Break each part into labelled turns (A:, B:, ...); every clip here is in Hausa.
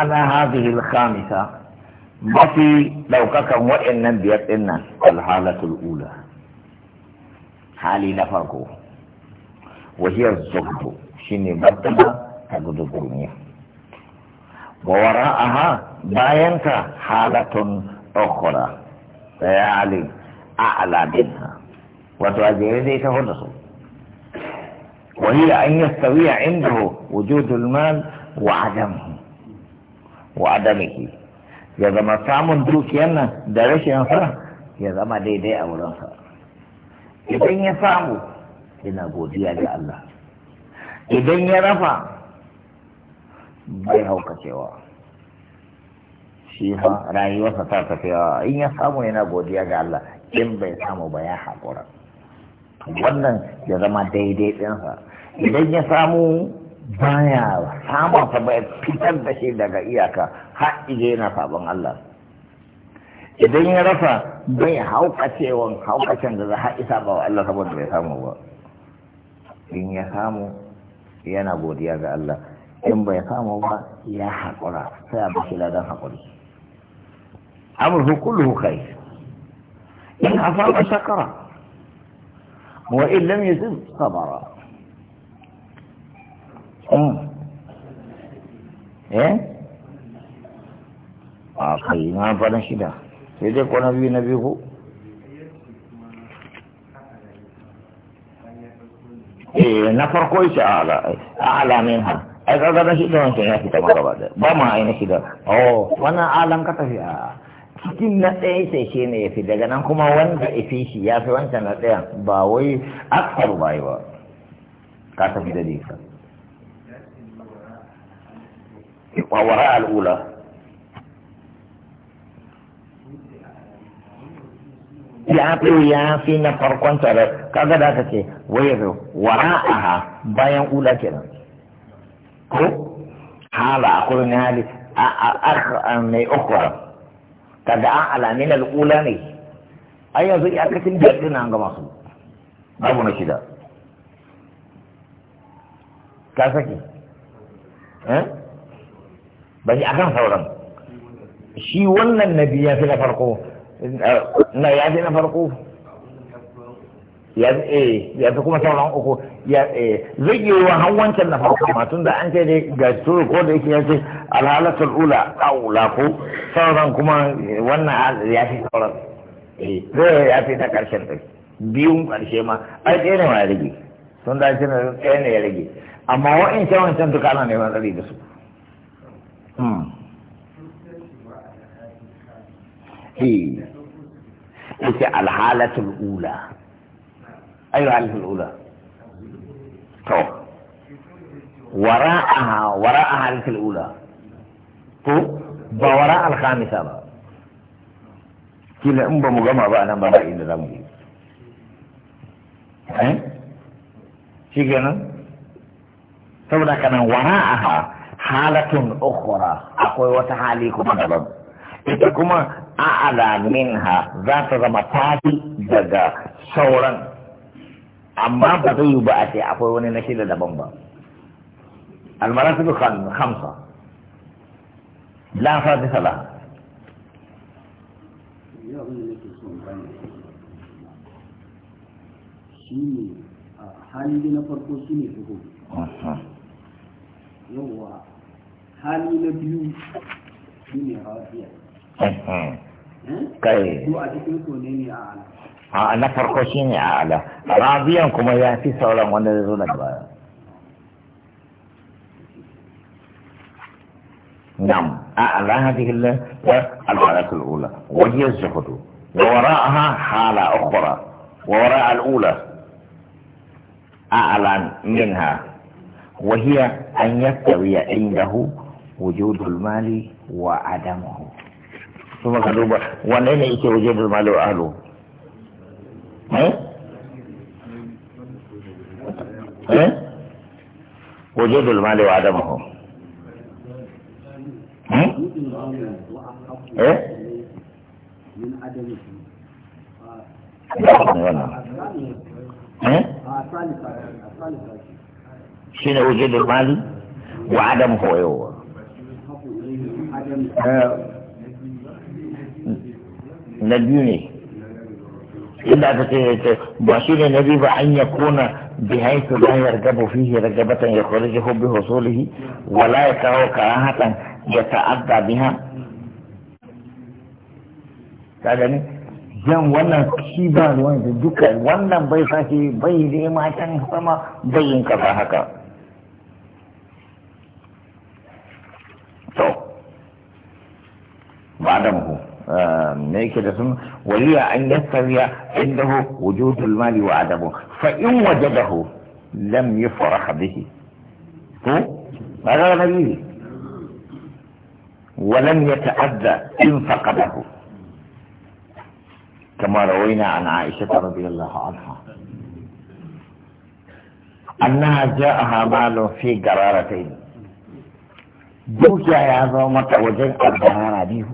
A: أنا هذه الخامسة بطي لو كان وإن بيت إن الحالة الأولى حالي نفرقه وهي الزهد شيني مرتبة تجد الدنيا ووراءها باينك حالة أخرى فيعلي أعلى منها وتؤذي إليه تهدسه وهي أن يستوي عنده وجود المال وعدمه wa adamihi ya zama samun dukiyar nan da rashin sa ya zama daidai a wurinsa idan ya samu yana godiya ga Allah idan ya rafa bai hauka cewa shi fa rayuwarsa ta tafiya in ya samu yana godiya ga Allah in bai samu ba ya haƙura wannan ya zama daidai ɗinsa idan ya samu baya samun sa bai fitar da shi daga iyaka har ije yana sabon Allah idan ya rasa bai haukacewan haukacin da za a isa ba wa Allah saboda bai samu ba in ya samu yana godiya ga Allah in bai samu ba ya haƙura sai a shila ladan haƙuri amurhu kulluhu kai in asaba shakara wa in lam yusib sabara Ah. eh a kai na faɗin shida sai dai kwana biyu na biyu eh na farko yace ala ala min ha ai kaga na shida wancan ya fita maka ba ba ma ai na shida oh wannan alan ka tafi a ah. cikin na ɗaya sai shi ne ya fi daga nan kuma wanda ya fi shi ya fi wancan na ɗaya ba wai aksar ba yi ba ka tafi da nisa وراء الأولى ya fi ya fi na farkon tare kaga da aka ce wayar wara'aha bayan ula kenan ko hala a kurin hali a mai ukwara kaga an alamin al'ula ne ai yanzu iyakacin jirgin an gama su babu na shida ka saki eh? ba shi akan sauran shi wannan nabi ya fi na farko na ya fi na farko ya eh, fi kuma sauran uku eh, zai yi wa hawancin na farko ma tun da an ce ne ga turu ko da yake ya ce alhalatul ula aula ko sauran kuma wannan ya fi sauran eh, zai ya fi na ƙarshen ɗai biyun ƙarshe ma ai ɗaya ne ma ya rage tun da an ce ne ɗaya ne ya rage amma wa'in ce wancan duka ana neman tsari da su ita hmm. eh. alhalatul ula ayyuhal halatul ula to wara'aha ba wara alhamisa ba kila in ba mu gama ba nan inda za mu yi eh shi kenan halatun ukhra akwai wata hali kuma daban ita kuma a'ala minha za ta zama tafi daga sauran amma ba zai yi ba a ce akwai wani na shida daban ba almaratu hamsa la sadisa laha shi ne hali na farko shi ne yawa hali na biyu shi ne rafiya kai ko a cikin so ne ne a ala a na farko shi ne a ala rabiyan kuma ya fi sauran wanda zai zo daga baya نعم أعلى هذه الحالة الأولى وهي الزهد ووراءها حالة أخرى ووراء الأولى أعلى منها وهي أن يستوي عنده وجود المال وعدمه ثم قلوبة وانين ايكي وجود المال ها وجود المال وعدمه ايه من عدمه شنو وجود المال وعدمه ايوه Eh, na biyu ne inda aka ce ya ce ba shi ne na biyu ba an ya kona bihain su don yarda ba fihi ragabatan ya kori jiho bi hosolihi wala ya kawo ka an haɗan ya ta'adda ha ta gani yan wannan shi ba ruwan da duka wannan bai sashi bai nema can sama bai yin kafa haka to بعدمه آه، ميك رسم ولي أن يستوي عنده وجود المال وعدمه فإن وجده لم يفرح به هو هذا نبيه ولم يتأذى إن فقده كما روينا عن عائشة رضي الله عنها أنها جاءها مال في قرارتين دوجا يا ذو وجدت الدهان بيه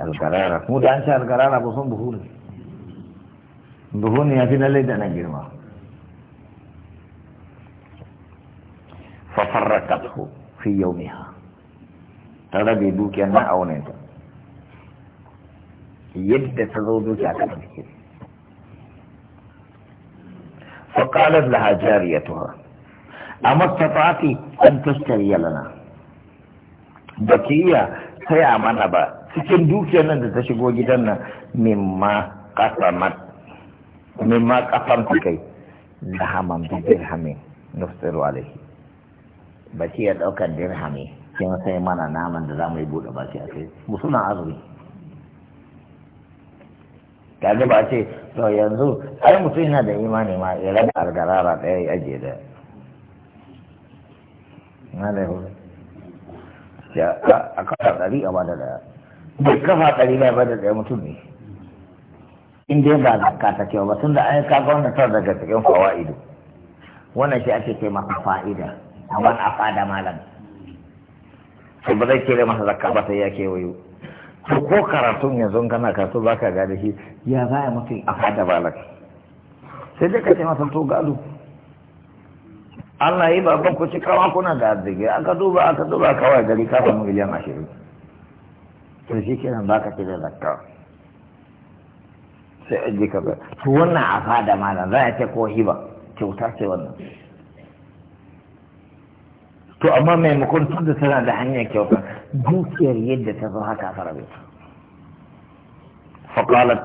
A: algarara mu da an ci algarara ba son buhu ne buhu ne ya fi lalle da na girma fafarrakathu fi yaumiha ta rabe dukiyar na aunanta yadda ta zo dukiya ta ɗauke فقالت لها جاريتها أما استطعت أن تشتري لنا بكية سيا من أبا cikin dukiyar nan da ta shigo gidan nan mimma kasamat mimma kasan ta kai da haman bi dirhami nufiru alaihi ba shi ya daukar dirhami kin sai mana naman da za mu yi bude baki a kai mu suna azumi kaga ba ce to yanzu ai mutum yana da imani ma ya raba argarara daya ya ajiye da na da ya a kasar ɗari a ba da daya bai kafa ɗari bai ba da ɗaya mutum ne in dai ba zakka ta kyau ba tunda an ka ga wannan tar daga cikin ido. wannan shi ake ce masa fa'ida amma a fada malam to ba zai kere masa zakka ba sai ya kewayo to ko karatun yanzu kana karatu ba ka gane shi ya za a mutum a fada malam sai dai ka ce masa to gado Allah yi baban ku ci kawa kuna da arziki aka duba aka duba kawai gari ka miliyan ashirin to shi kenan ba ka ce da zakka sai an ji kaza to wannan a fada malam za a ce ko hiba kyauta ce wannan to amma maimakon tun da tana da hanyar kyauta dukiyar yadda ta zo haka fara bai faƙalat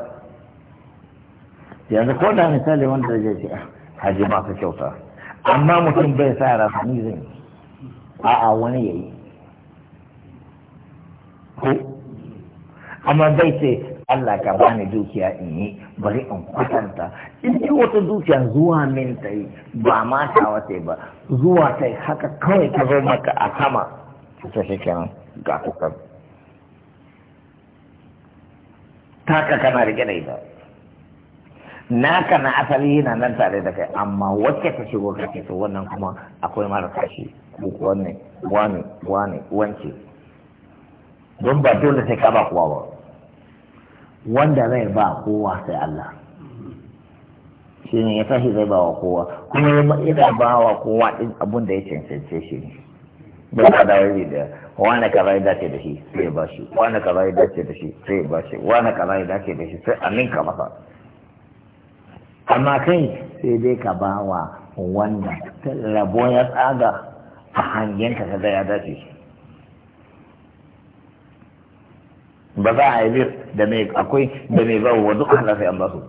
A: yanzu ko da misali wanda zai ce ah, haji ba ka kyauta amma mutum bai sa rafani zai a'a wani yayi ko amma zai ce Allah ka bani dukiya in yi bari in kwatanta in ji wata dukiya zuwa min ta yi ba ma ta wace ba zuwa ta yi haka kawai ta zo maka a sama ta shi kenan ga kuka taka kana rike da ita naka na asali yana nan tare da kai amma wacce ta shigo ka ce wannan kuma akwai mara kashi wani wani wani wane wance don ba dole sai ka ba kuwa ba wanda zai ba kowa sai Allah shi ne ya tashi zai ba wa kowa kuma ina ba wa kowa ɗin abin da ya cancance shi ne ba ka da wani da wani kaza ya dace da shi sai ya ba shi wani kaza ya dace da shi sai ya ba shi wani kaza ya dace da shi sai amin ka masa amma kai sai dai ka ba wa wanda rabo ya tsaga a hangen ka ga ya dace shi ba za a yi da mai akwai da mai ba wa duk Allah sai an ba su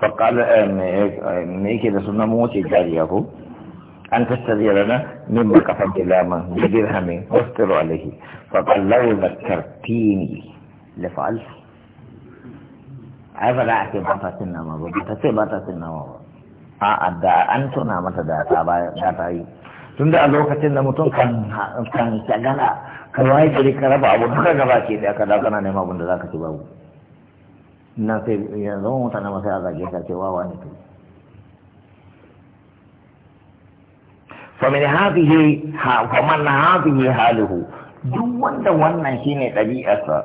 A: فقال ميكي ده سنة موتي جاريه أن تستذيرنا مما كفت لما بدرهم واستر عليه فقال لو ذكرتيني لفعلت ai ba za a ce ba ta cin nama ba ta ce ba ta cin nama ba a adda an tuna mata da ta ba da ta yi tunda a lokacin da mutum kan kan shagala ka waye gari ka raba abu duka gaba ke da ka dawo kana neman abin da za ka ci babu na sai yanzu mutane masu a zage ka ce wawa ne kai فمن هذه فمن هذه حاله duk wanda wannan shine ɗabi'arsa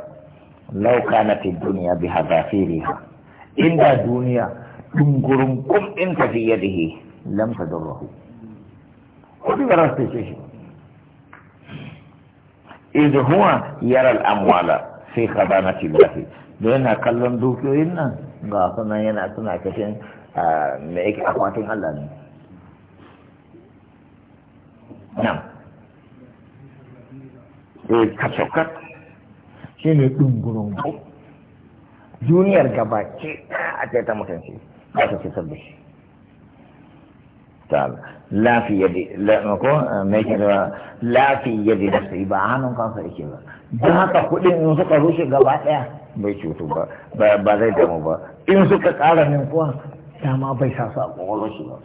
A: lau kana fi duniya bi hazafiriha inda duniya dungurin kum in tafi yadihi lam tadurruhu ko bi ba su ce shi idan huwa yara ka amwala fi khadanati lafi da yana kallon dukiyoyin nan ga sunan yana suna kashin me yake akwatin Allah ne nan eh kasokat shi ne ɗungurun duniyar gaba ce a ce ta mutunci ba ta fitar da shi taala la fi yadi la ma da sai ba hannun kan sai ke ba dan haka kudin in suka rushe gaba daya bai cutu ba ba zai damu ba in suka kara min kuwa dama bai sa a kwakwalwar shi ba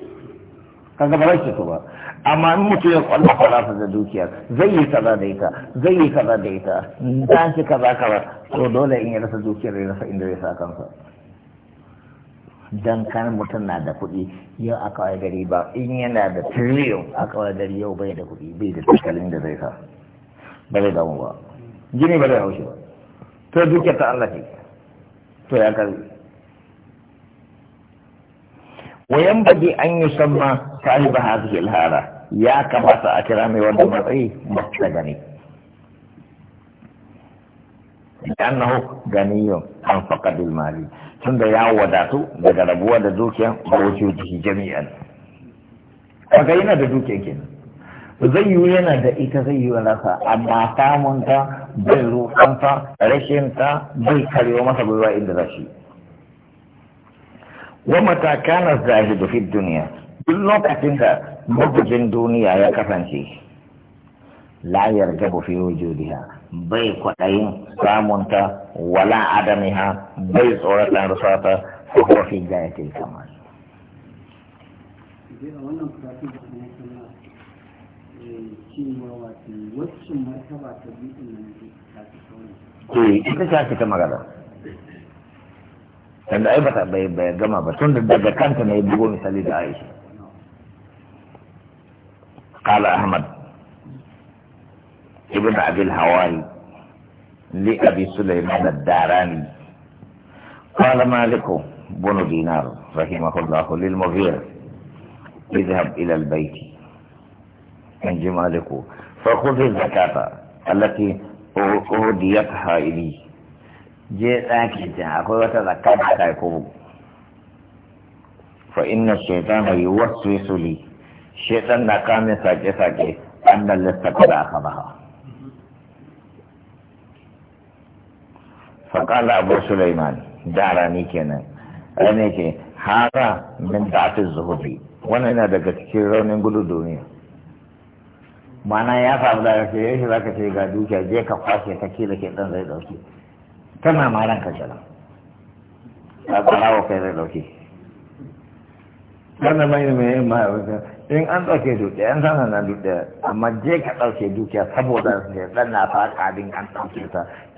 A: kaga ba rashi ba amma in mutum ya kwallo kwala fa da dukiya zai yi kaza da ita zai yi kaza da ita in ta ci kaza kaza dole in ya rasa dukiyar ya rasa inda zai sa kansa Don kan mutum na da kuɗi yau a kawai gari ba in yana da triliyon a kawai gari yau bai da kuɗi bai da tattalin da zai sa ba zai damu ba gini ba zai haushi ba to duka ta Allah ce to ya karbi wayan bagi an yi samma sahiba hadhihi alhara ya kamata a kira mai wanda matsayi masta gani لأنه غني عن فقد المال tunda ya wadatu daga rabuwa da dukiya ba wuce da jami'an kaga yana da dukiya ke zai yi yana da ita zai yi nasa amma samun ta bai roƙonta rashin ta bai karewa masa gwiwa inda za shi wa matakanar da fit duniya duk lokacin da magujin duniya ya kasance layar yarda fi wujudiha bai kwaɗayin samunta wala adamiha bai tsoratan rusata ko kofi ya jayatil kamar ita ta fita magana tanda ai bata bai bai gama ba tun da daga kanta ne bugo misali da Aisha qala Ahmad ابن عبد الهواري لأبي سليمان الداراني قال مالك بن دينار رحمه الله للمغير اذهب إلى البيت من جمالك فخذ الزكاة التي أهديتها إلي جئتك أقول وتذكرتك فإن الشيطان يوسوس لي الشيطان نقام ساكي ساكي أن قد أخذها faƙala abu sulaiman darani kenan ne ke hara min da'atin zuhudi wani yana daga cikin raunin gudu duniya mana ya samu da ce yashi za ka ce ga dukiya je ka kwashe ta da ke dan zai dauki tana ma ka jira a tsarawa kai zai dauki wannan mai mai ma in an ɗauke dukiya an sana na dukiya amma je ka ɗauke dukiya saboda dan na fara abin an ɗauke ta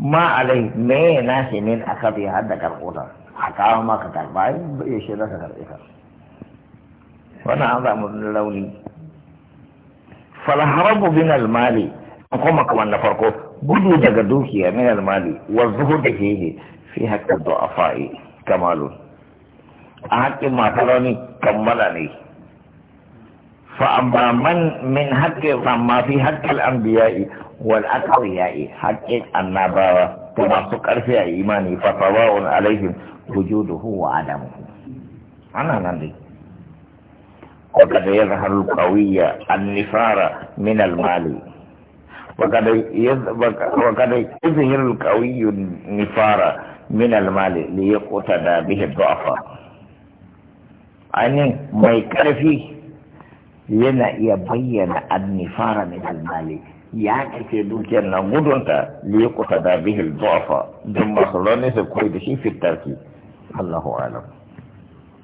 A: ma alai me na shi min aka bi har da karkuta a kawo maka karba ya shi zaka karbe ka wannan an zamu launi fal harabu min al mali kuma kaman na farko gudu daga dukiya min al mali wa zuhud fihi fi haqqi du'afai kamalu a haƙƙin mataroni kammala ne fa amma man min haqqi amma fi haqqi al anbiya'i والأقوياء أن النبارة كما سكر في إيماني فطواء عليهم وجوده وعدمه أنا نندي وقد يظهر القوية النفار من المال وقد وقد يظهر القوي النفار من المال ليقتدى به الضعفاء يعني ما يكرفي لنا يبين النفار من المال ya kace dukiyar na gudunta li kusa da bihi al fa don masu rauni su koyi da shi fitarki Allahu a'lam